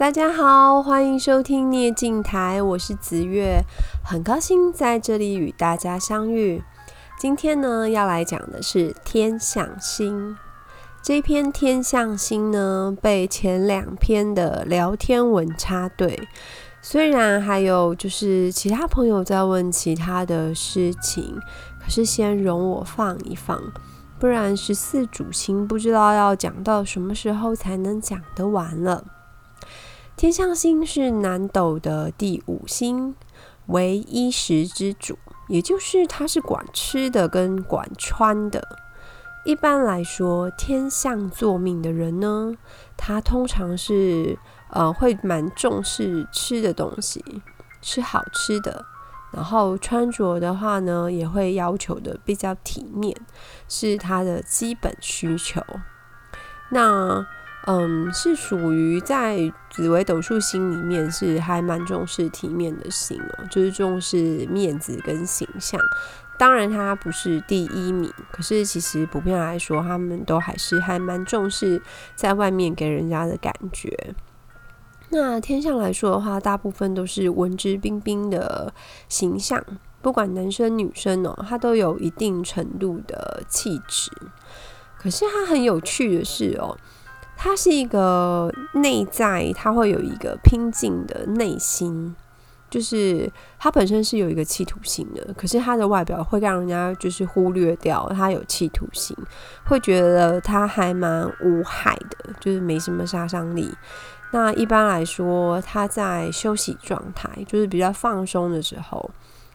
大家好，歡迎收聽聶鏡台，我是紫玥，很高興在這裡與大家相遇。今天呢，要來講的是天相星。這篇天相星呢，被前兩篇的聊天文插隊。雖然還有就是其他朋友在問其他的事情，可是先容我放一放，不然十四主星不知道要講到什麼時候才能講得完了。天相星是南斗的第五星，為衣食之主，也就是它是管吃的跟管穿的。一般來說，天相坐命的人呢，他通常是呃會蠻重視吃的東西，吃好吃的；然後穿着的話呢，也會要求的比較體面，是他的基本需求。那。嗯，是屬於在紫微斗數星裡面是還蠻重視體面的星喔，就是重視面子跟形象。當然，他不是第一名，可是其實普遍來說，他們都還是還蠻重視在外面給人家的感覺。那天相來說的話，大部分都是文質彬彬的形象，不管男生女生喔，他都有一定程度的氣質。可是他很有趣的是喔，他是一個內在，他會有一個拼勁的內心，就是他本身是有一個企圖心的。可是他的外表會讓人家就是忽略掉他有企圖心，會覺得他還蠻無害的，就是沒什麼殺傷力。那一般來說，他在休息狀態，就是比較放鬆的時候。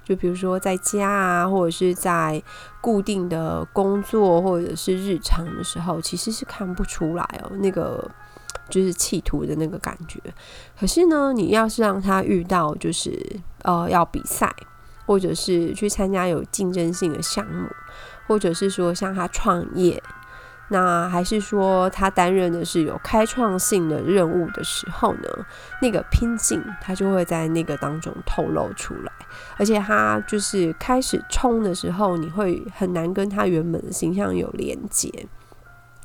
就比如說在家啊，或者是在固定的工作，或者是日常的時候，其實是看不出來哦、喔，那個就是企圖的那個感覺。可是呢，你要是讓他遇到就是呃要比賽，或者是去參加有競爭性的項目，或者是說像他創業，那還是說他擔任的是有開創性的任務的時候呢，那個拼勁他就會在那個當中透露出來。而且他就是開始衝的時候，你會很難跟他原本的形象有連接。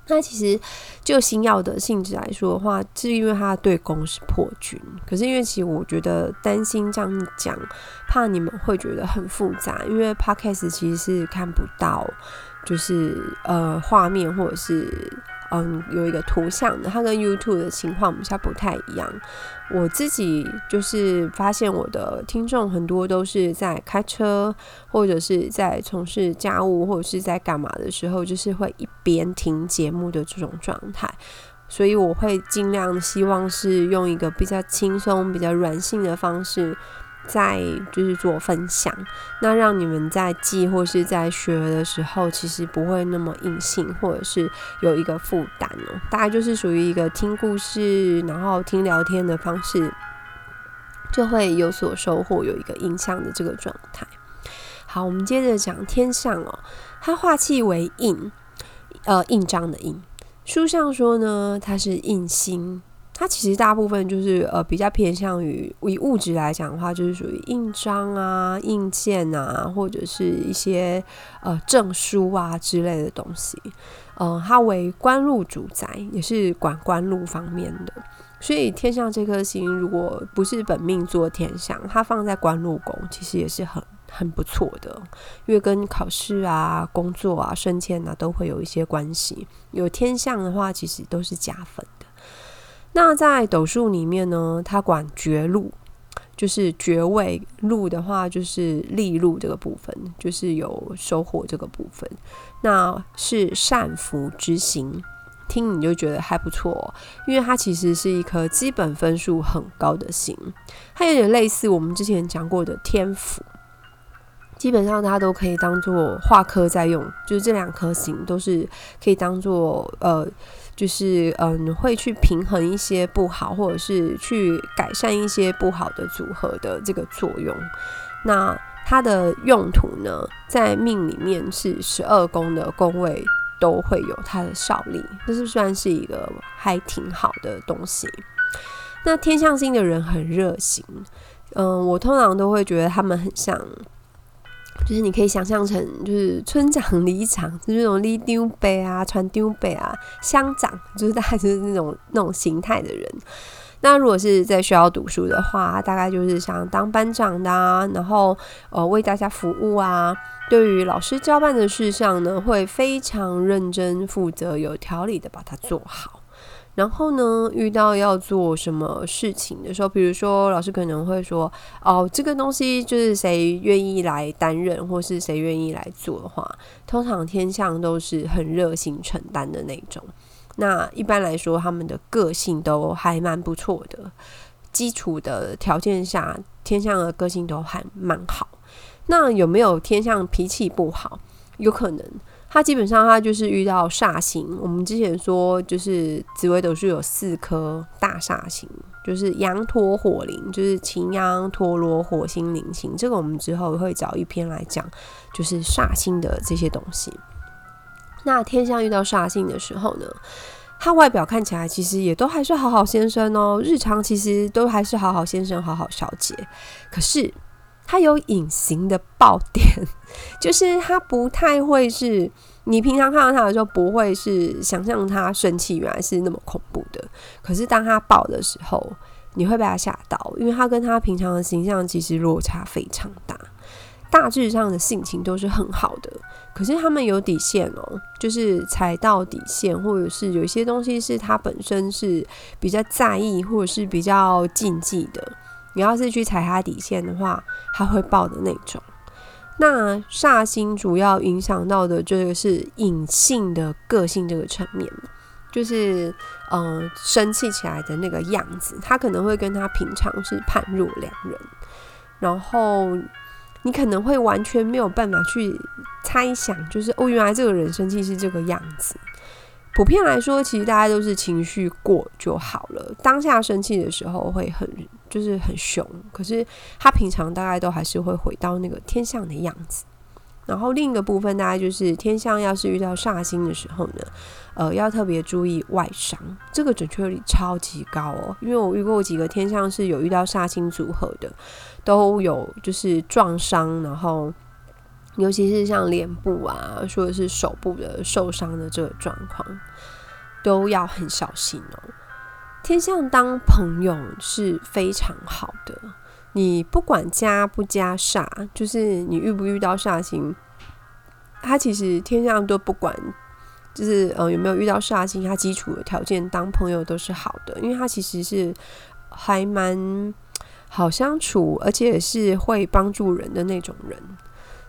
那其實就星曜的性質來說的話，是因為他對宮是破軍。可是因為其實我覺得擔心這樣講，怕你們會覺得很複雜，因為 Podcast 其實是看不到，就是呃畫面或者是。嗯，有一個圖像，它跟 YouTube 的情況比較不太一樣。我自己就是發現，我的聽眾很多都是在開車，或者是在從事家務，或者是在幹嘛的時候，就是會一邊聽節目的這種狀態。所以我會儘量希望是用一個比較輕鬆、比較軟性的方式。在就是做分享，那讓你們在記或是在學的時候，其實不會那麼硬性，或者是有一個負擔哦。大概就是屬於一個聽故事，然後聽聊天的方式，就會有所收穫，有一個印象的這個狀態。好，我們接着講天相哦、喔，它化氣為印，呃，印章的印。書上說呢，它是印星。它其實大部分就是呃，比較偏向於以物質來講的話，就是屬於印章啊、印件啊，或者是一些呃，證書啊之類的東西。呃，它為官祿主宰，也是管官祿方面的。所以天相這顆星，如果不是本命坐天相，它放在官祿宮，其實也是很很不錯的，因為跟考試啊、工作啊、升遷啊都會有一些關係。有天相的話，其實都是加分的。那在斗數裡面呢，它管爵祿。就是爵位；祿的話就是利祿這個部分，就是有收穫這個部分。那是善福之星，聽你就覺得還不錯哦，因為它其實是一顆基本分數很高的星，它有點類似我們之前講過的天府。基本上它都可以當做化科在用，就是這兩顆星都是可以當做呃。就是嗯，會去平衡一些不好，或者是去改善一些不好的組合的這個作用。那它的用途呢，在命裡面是十二宮的宮位都會有它的效力，這是算是一個還挺好的東西。那天相星的人很熱心，嗯，我通常都會覺得他們很像。就是你可以想象成，就是村長、里長，就是那種里長伯啊、村長伯啊，鄉長，就是大概就是那種那種形態的人。那如果是在學校讀書的話，大概就是想當班長的，啊，然後呃為大家服務啊。對於老師交辦的事項呢，會非常認真負責、有條理的把它做好。然後呢，遇到要做什麼事情的時候，比如說老師可能會說：“哦，這個東西就是誰願意來擔任，或是誰願意來做的話，通常天相都是很熱心承擔的那種。那一般來說，他們的個性都還蠻不錯的。基礎的條件下，天相的個性都還蠻好。那有沒有天相脾氣不好？有可能。”他基本上，他就是遇到煞星，我們之前說，就是紫微斗數有四顆大煞星，就是羊陀、火鈴，就是擎羊、陀羅、火星、鈴星。這個我們之後會找一篇來講，就是煞星的這些東西。那天相遇到煞星的時候呢，它外表看起來其實也都還是好好先生哦，日常其實都還是好好先生、好好小姐，可是。他有隱形的爆點，就是他不太會是，你平常看到他的時候不會是想象他生氣原來是那麼恐怖的。可是當他爆的時候，你會被他嚇到，因為他跟他平常的形象其實落差非常大。大致上的性情都是很好的，可是他們有底線哦、喔，就是踩到底線，或者是有一些東西是他本身是比較在意，或者是比較禁忌的。你要是去踩他底線的話，他會爆的那種。那煞星主要影響到的，就是隱性的個性這個層面，就是嗯、呃，生氣起來的那個樣子，他可能會跟他平常是判若兩人。然後你可能會完全沒有辦法去猜想，就是哦，原來這個人生氣是這個樣子。普遍來說，其實大家都是情緒過就好了，當下生氣的時候會很。就是很兇，可是他平常大概都還是會回到那個天相的樣子。然後另一個部分，大概就是天相要是遇到煞星的時候呢，呃，要特別注意外傷，這個準確率超級高哦。因為我遇過幾個天相是有遇到煞星組合的，都有就是撞傷，然後尤其是像臉部啊，或者是手部的受傷的這個狀況，都要很小心哦。天相當朋友是非常好的，你不管加不加煞，就是你遇不遇到煞星，他其實天相都不管，就是嗯有沒有遇到煞星，他基礎的條件當朋友都是好的，因為他其實是還蠻好相處，而且也是會幫助人的那種人，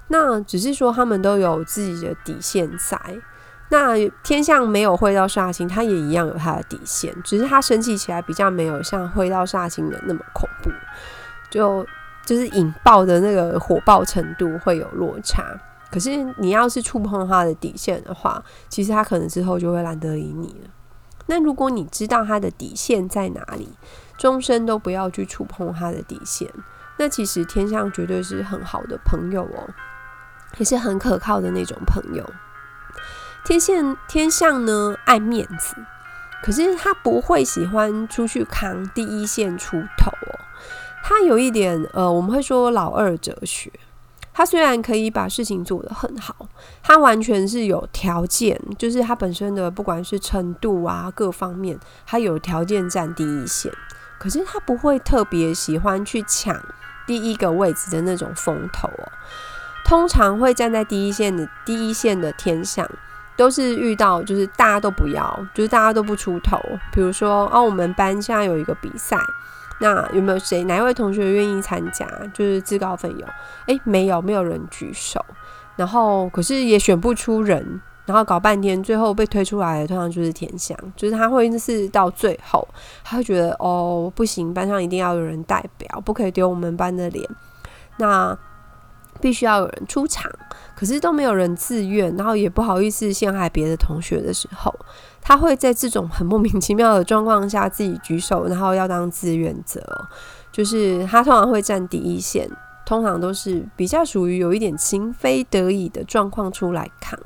那只是說他們都有自己的底線在。那天相沒有會到煞星，他也一樣有他的底線，只是他生氣起來比較沒有像會到煞星的那麼恐怖，就就是引爆的那個火爆程度會有落差。可是你要是觸碰他的底線的話，其實他可能之後就會懶得理你了。那如果你知道他的底線在哪裡，終身都不要去觸碰他的底線，那其實天相絕對是很好的朋友哦，也是很可靠的那種朋友。天相，天相呢，愛面子，可是他不會喜歡出去扛第一線出頭哦。他有一點呃，我們會說老二哲學。他雖然可以把事情做得很好，他完全是有條件，就是他本身的不管是程度啊、各方面，他有條件站第一線，可是他不會特別喜歡去搶第一個位置的那種風頭哦。通常會站在第一線的第一線的天相，都是遇到，就是大家都不要，就是大家都不出頭。比如說，哦，我們班現在有一個比賽，那有沒有誰，哪一位同學願意參加，就是自告奮勇？誒、欸，沒有，沒有人舉手。然後，可是也選不出人，然後搞半天，最後被推出來的通常就是天相，就是他會是到最後，他會覺得哦，不行，班上一定要有人代表，不可以丟我們班的臉。那。必須要有人出場，可是都沒有人自願，然後也不好意思陷害別的同學的時候，他會在這種很莫名其妙的狀況下自己舉手，然後要當志願者。就是他通常會站第一線，通常都是比較屬於有一點情非得已的狀況出來扛。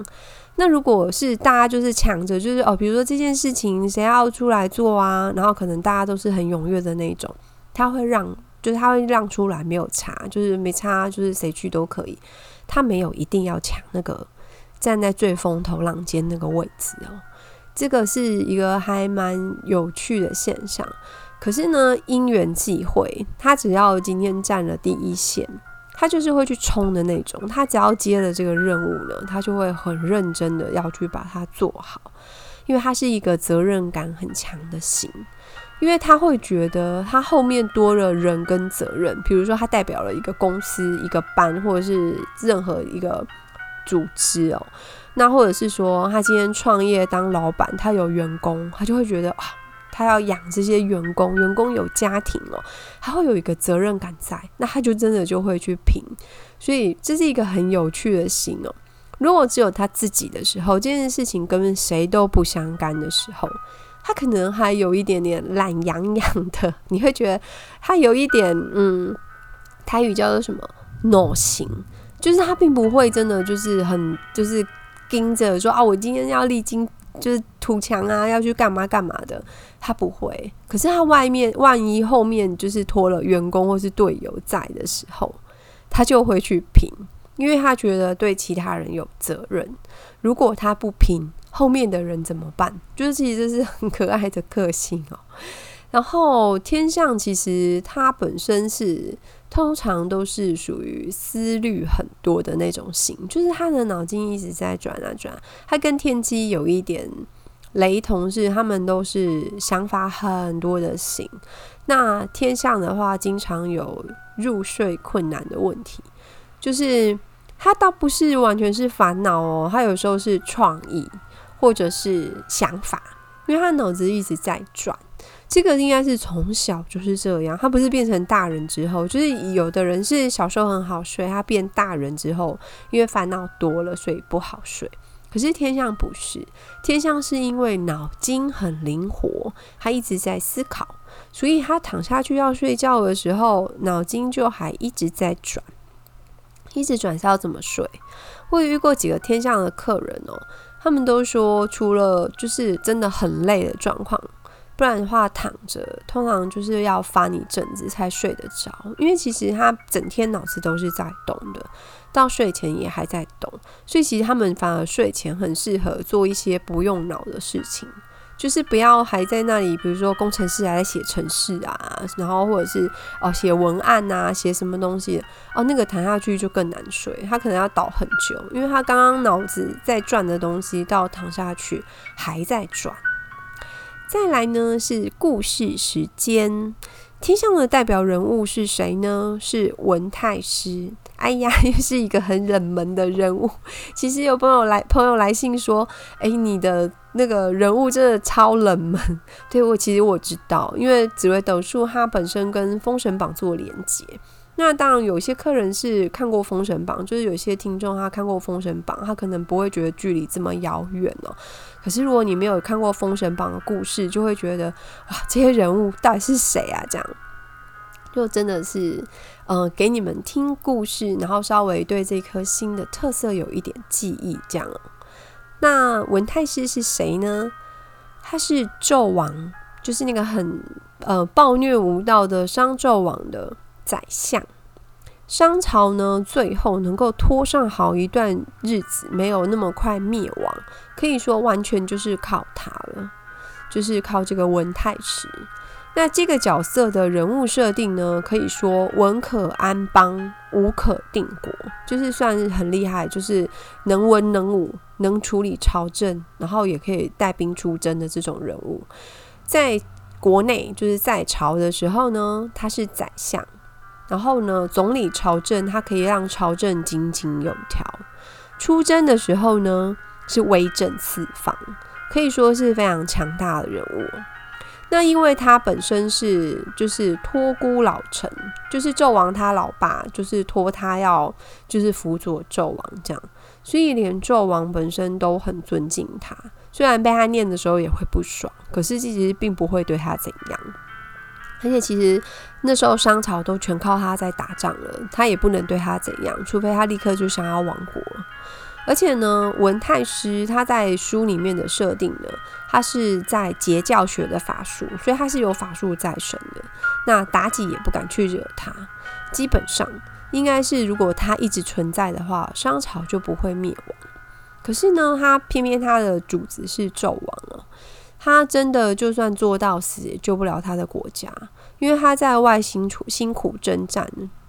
那如果是大家就是搶着，就是哦，比如說這件事情誰要出來做啊，然後可能大家都是很踴躍的那種，他會讓。就是他會讓出來，沒有差，就是沒差，就是誰去都可以，他沒有一定要搶那個站在最風頭浪尖那個位置哦，這個是一個還蠻有趣的現象。可是呢，因緣際會，他只要今天站了第一線，他就是會去衝的那種。他只要接了這個任務呢，他就會很認真的要去把它做好，因為他是一個責任感很強的心因為他會覺得他後面多了人跟責任，比如說他代表了一個公司、一個班，或者是任何一個組織哦。那或者是說他今天創業當老闆，他有員工，他就會覺得啊、哦，他要養這些員工，員工有家庭哦，他會有一個責任感在，那他就真的就會去拼。所以這是一個很有趣的型哦。如果只有他自己的時候，這件事情根本誰都不相干的時候。他可能還有一點點懶洋洋的，你會覺得他有一點嗯，台語叫做什麼 “no 型”，就是他並不會真的就是很就是盯着說啊，我今天要勵精就是圖強啊，要去幹嘛幹嘛的，他不會。可是他外面萬一後面就是拖了員工或是隊友在的時候，他就會去拼，因為他覺得對其他人有責任。如果他不拼，後面的人怎麼辦？就是其實這是很可愛的個性哦、喔。然後天相其實它本身是通常都是屬於思慮很多的那種型，就是他的腦筋一直在轉啊轉、啊。他跟天機有一點雷同，是他們都是想法很多的型。那天相的話，經常有入睡困難的問題，就是他倒不是完全是煩惱哦，他有時候是創意。或者是想法，因為他的腦子一直在轉，這個應該是從小就是這樣。他不是變成大人之後，就是有的人是小時候很好睡，他變大人之後，因為煩惱多了，所以不好睡。可是天相不是，天相是因為腦筋很靈活，他一直在思考，所以他躺下去要睡覺的時候，腦筋就還一直在轉，一直轉是要怎麼睡。我遇過幾個天相的客人哦、喔。他們都說，除了就是真的很累的狀況，不然的話躺着，通常就是要翻你枕子，才睡得着。因為其實他整天腦子都是在動的，到睡前也還在動，所以其實他們反而睡前很適合做一些不用腦的事情。就是不要還在那裡，比如說工程師還在寫程式啊，然後或者是哦寫文案啊，寫什麼東西哦，那個躺下去就更難睡，他可能要倒很久，因為他剛剛腦子在轉的東西到躺下去還在轉。再來呢是故事時間，天相的代表人物是誰呢？是聞太師。哎呀，又是一個很冷門的人物。其實有朋友來朋友來信說，哎、欸，你的。那個人物真的超冷門，對，我其實我知道，因為紫微斗數它本身跟封神榜做連接，那當然有一些客人是看過封神榜，就是有些聽眾他看過封神榜，他可能不會覺得距離這麼遙遠哦。可是如果你沒有看過封神榜的故事，就會覺得哇、啊，這些人物到底是誰啊？這樣，就真的是嗯、呃，給你們聽故事，然後稍微對這顆星的特色有一點記憶，這樣那聞太師是誰呢？他是紂王，就是那個很呃暴虐無道的商紂王的宰相。商朝呢，最後能夠拖上好一段日子，沒有那麼快滅亡，可以說完全就是靠他了，就是靠這個聞太師。那這個角色的人物設定呢，可以說文可安邦，武可定國，就是算是很厲害，就是能文能武。能處理朝政，然後也可以帶兵出征的這種人物，在國內就是在朝的時候呢，他是宰相，然後呢總理朝政，他可以讓朝政井井有條。出征的時候呢，是威震四方，可以說是非常強大的人物。那因為他本身是就是托孤老臣，就是紂王他老爸，就是托他要就是輔佐紂王這樣。所以連紂王本身都很尊敬他，雖然被他念的時候也會不爽，可是其實並不會對他怎樣。而且其實那時候商朝都全靠他在打仗了，他也不能對他怎樣，除非他立刻就想要亡國。而且呢，聞太師他在書裡面的設定呢，他是在截教學的法術，所以他是有法術在身的。那妲己也不敢去惹他，基本上。應該是，如果他一直存在的話，商朝就不會滅亡。可是呢，他偏偏他的主子是紂王啊，他真的就算做到死，也救不了他的國家，因為他在外辛苦辛苦征戰，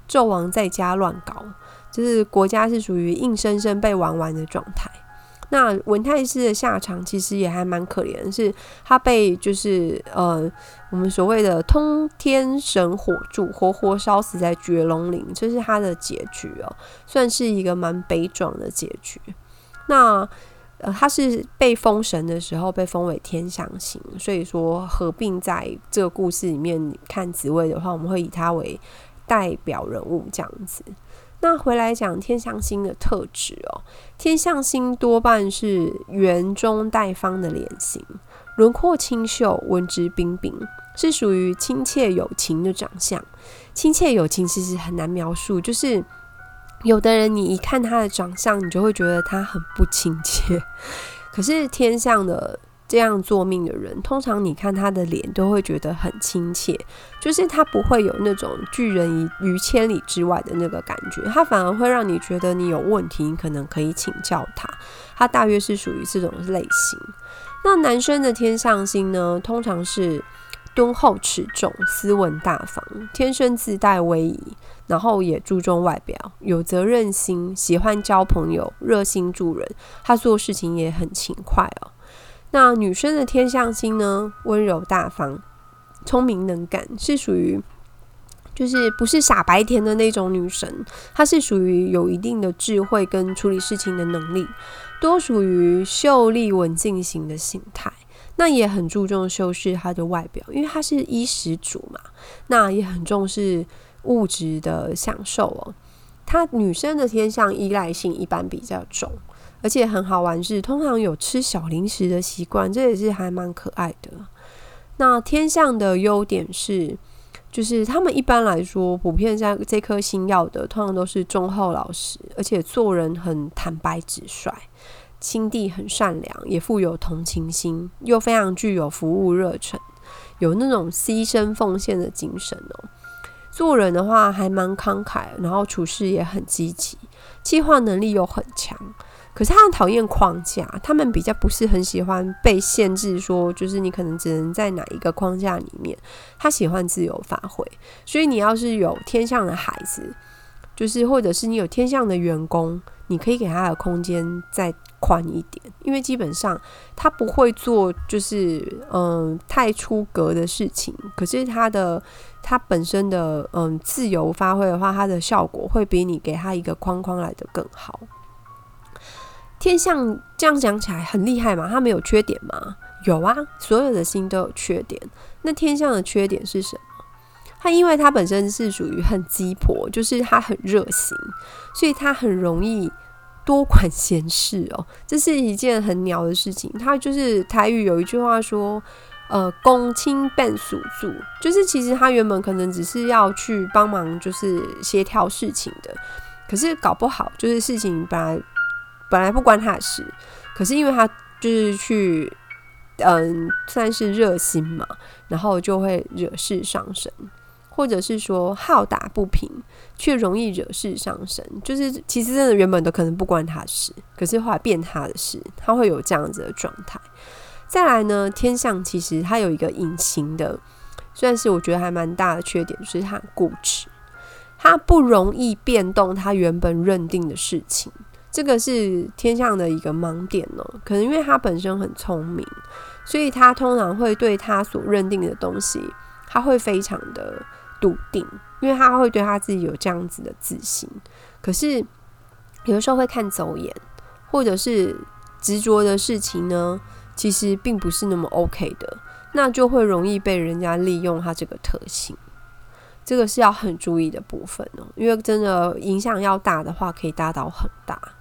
紂王在家亂搞，就是國家是屬於硬生生被玩完的狀態。那聞太師的下場其實也還蠻可憐，是他被就是呃我們所謂的通天神火柱活活燒死在絕龍嶺，這，就是他的結局哦，算是一個蠻悲壯的結局。那呃他是被封神的時候被封為天相星，所以說合併在這個故事裡面看職位的話，我們會以他為代表人物這樣子。那回來講天相星的特質哦、喔，天相星多半是圓中帶方的臉型，輪廓清秀，文質彬彬，是屬於親切友情的長相。親切友情其實很難描述，就是有的人你一看他的長相，你就會覺得他很不親切，可是天相的。這樣做命的人，通常你看他的臉都會覺得很親切，就是他不會有那種拒人於千里之外的那個感覺，他反而會讓你覺得你有問題，你可能可以請教他。他大約是屬於這種類型。那男生的天相星呢，通常是敦厚持重、斯文大方，天生自帶威儀，然後也注重外表，有責任心，喜歡交朋友，熱心助人，他做事情也很勤快哦。那女生的天相星呢？溫柔大方，聰明能幹，是屬於就是不是傻白甜的那種女神。她是屬於有一定的智慧跟處理事情的能力，多屬於秀麗文靜型的形態。那也很注重修飾她的外表，因為她是衣食主嘛。那也很重視物質的享受哦、喔。她女生的天相依賴性一般比較重。而且很好玩是，通常有吃小零食的習慣，這也是還蠻可愛的。那天相的優點是，就是他們一般來說普遍在這,這顆星曜的，通常都是忠厚老實，而且做人很坦白直率，心地很善良，也富有同情心，又非常具有服務熱忱，有那種犧牲奉獻的精神哦。做人的話還蠻慷慨，然後處事也很積極，計劃能力又很強。可是他很討厭框架，他們比較不是很喜歡被限制說，說就是你可能只能在哪一個框架裡面，他喜歡自由發揮。所以你要是有天相的孩子，就是或者是你有天相的員工，你可以給他的空間再寬一點，因為基本上他不會做就是嗯太出格的事情。可是他的他本身的嗯自由發揮的話，他的效果會比你給他一個框框來得更好。天相這樣講起來很厲害嘛？他沒有缺點嗎？有啊，所有的星都有缺點。那天相的缺點是什麼？他因為他本身是屬於很雞婆，就是他很熱心，所以他很容易多管閒事哦、喔。這是一件很鳥的事情。他就是台語有一句話說，呃，公親變事主，就是其實他原本可能只是要去幫忙，就是協調事情的，可是搞不好就是事情把。本來不關他的事，可是因為他就是去，嗯、呃，算是熱心嘛，然後就會惹事上身，或者是說好打不平，卻容易惹事上身。就是其實真的原本都可能不關他的事，可是後來變他的事，他會有這樣子的狀態。再來呢，天相其實他有一個隱形的，算是我覺得還蠻大的缺點，就是他很固執，他不容易變動他原本認定的事情。這個是天相的一個盲點哦，可能因為他本身很聰明，所以他通常會對他所認定的東西，他會非常的篤定，因為他會對他自己有這樣子的自信。可是有的時候會看走眼，或者是執着的事情呢，其實並不是那麼 OK 的，那就會容易被人家利用他這個特性。這個是要很注意的部分哦，因為真的影響要大的話，可以大到很大。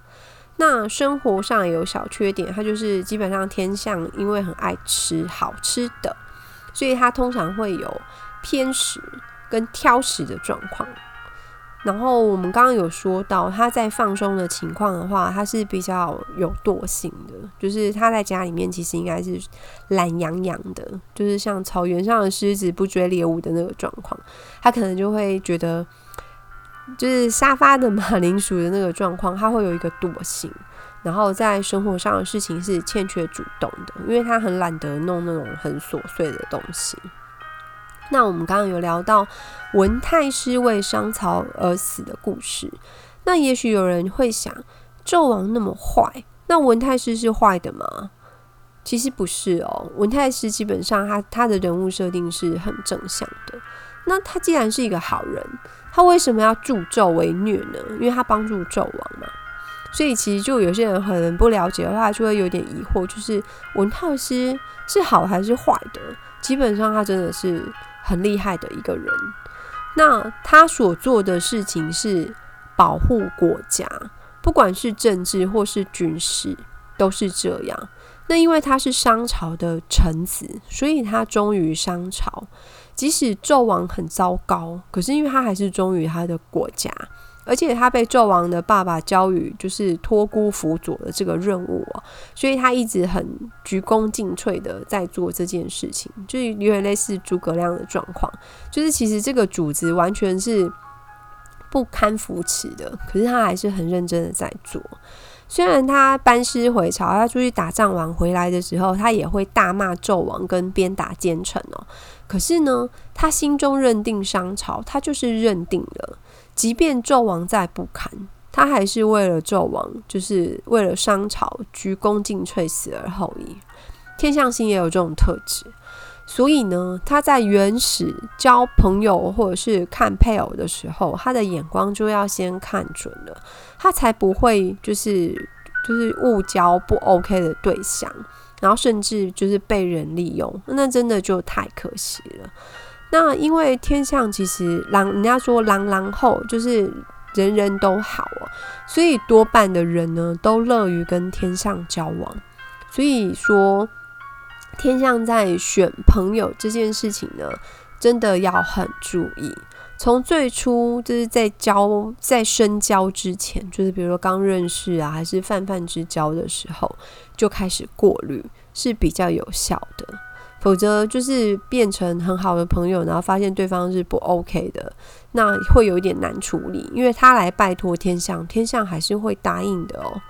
那生活上也有小缺點，他就是基本上天相因為很愛吃好吃的，所以他通常會有偏食跟挑食的狀況。然後我們剛剛有說到，他在放鬆的情況的話，他是比較有惰性的，就是他在家裡面其實應該是懶洋洋的，就是像草原上的獅子不追獵物的那個狀況，他可能就會覺得。就是沙發的馬鈴薯的那個狀況，他會有一個惰性，然後在生活上的事情是欠缺主動的，因為他很懶得弄那種很瑣碎的東西。那我們剛剛有聊到聞太師為商朝而死的故事，那也許有人會想，紂王那麼壞，那聞太師是壞的嗎？其實不是哦，聞太師基本上他他的人物設定是很正向的。那他既然是一個好人，他為什麼要助紂為虐呢？因為他幫助紂王嘛，所以其實就有些人很不了解的話，他就會有點疑惑，就是聞太師是好還是壞的？基本上他真的是很厲害的一個人。那他所做的事情是保護國家，不管是政治或是軍事，都是這樣。那因為他是商朝的臣子，所以他忠於商朝。即使紂王很糟糕，可是因為他還是忠於他的國家，而且他被紂王的爸爸交予，就是托孤輔佐的這個任務，所以他一直很鞠躬盡瘁的在做這件事情，就是有點類似諸葛亮的狀況，就是其實這個組織完全是不堪扶持的，可是他還是很認真的在做。雖然他班師回朝，他出去打仗完回來的時候，他也會大罵紂王跟鞭打奸臣哦、喔。可是呢，他心中認定商朝，他就是認定了，即便紂王再不堪，他還是為了紂王，就是為了商朝鞠躬盡瘁，死而後已。天相星也有這種特質。所以呢，他在原始交朋友或者是看配偶的時候，他的眼光就要先看準了，他才不會就是就是誤交不 OK 的對象，然後甚至就是被人利用，那真的就太可惜了。那因為天相其實狼，人家說狼狼後就是人人都好啊，所以多半的人呢都樂於跟天相交往，所以說。天相在選朋友這件事情呢，真的要很注意。從最初就是在交、在深交之前，就是比如說剛認識啊，還是泛泛之交的時候，就開始過濾是比較有效的。否則就是變成很好的朋友，然後發現對方是不 OK 的，那會有一點難處理。因為他來拜託天相，天相還是會答應的哦。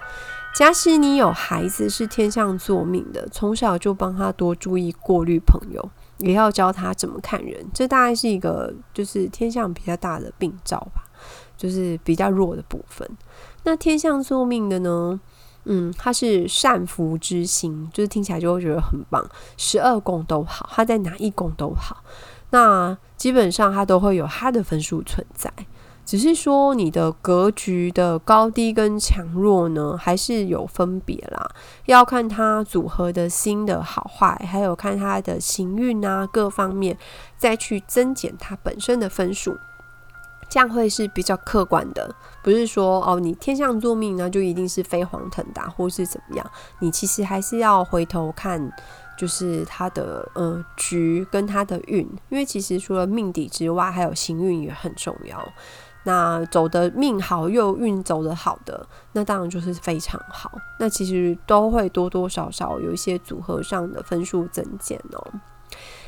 假使你有孩子是天相坐命的，從小就幫他多注意過濾朋友，也要教他怎麼看人。這大概是一個就是天相比較大的病兆吧，就是比較弱的部分。那天相坐命的呢，嗯，他是善福之星，就是聽起來就會覺得很棒，十二宮都好，他在哪一宮都好。那基本上他都會有他的分數存在。只是說你的格局的高低跟強弱呢，還是有分別啦。要看它組合的星的好壞，還有看它的行運啊，各方面再去增減它本身的分數，這樣會是比較客觀的。不是說哦，你天相坐命呢，就一定是飛黃騰達、啊、或是怎麼樣。你其實還是要回頭看，就是它的呃局跟它的運，因為其實除了命底之外，還有行運也很重要。那走的命好又運走的好的，那當然就是非常好。那其實都會多多少少有一些組合上的分數增減哦。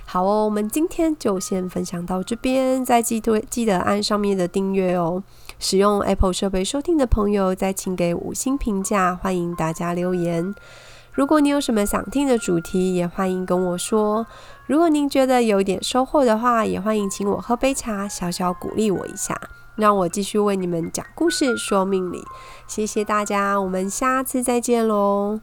好哦，我們今天就先分享到這邊。再記得記得按上面的訂閱哦。使用 Apple 設備收聽的朋友，再請給五星評價。歡迎大家留言。如果你有什麼想聽的主題，也歡迎跟我說。如果您覺得有點收穫的話，也歡迎請我喝杯茶，小小鼓勵我一下。讓我繼續為你們講故事、說命理，謝謝大家，我們下次再見嘍。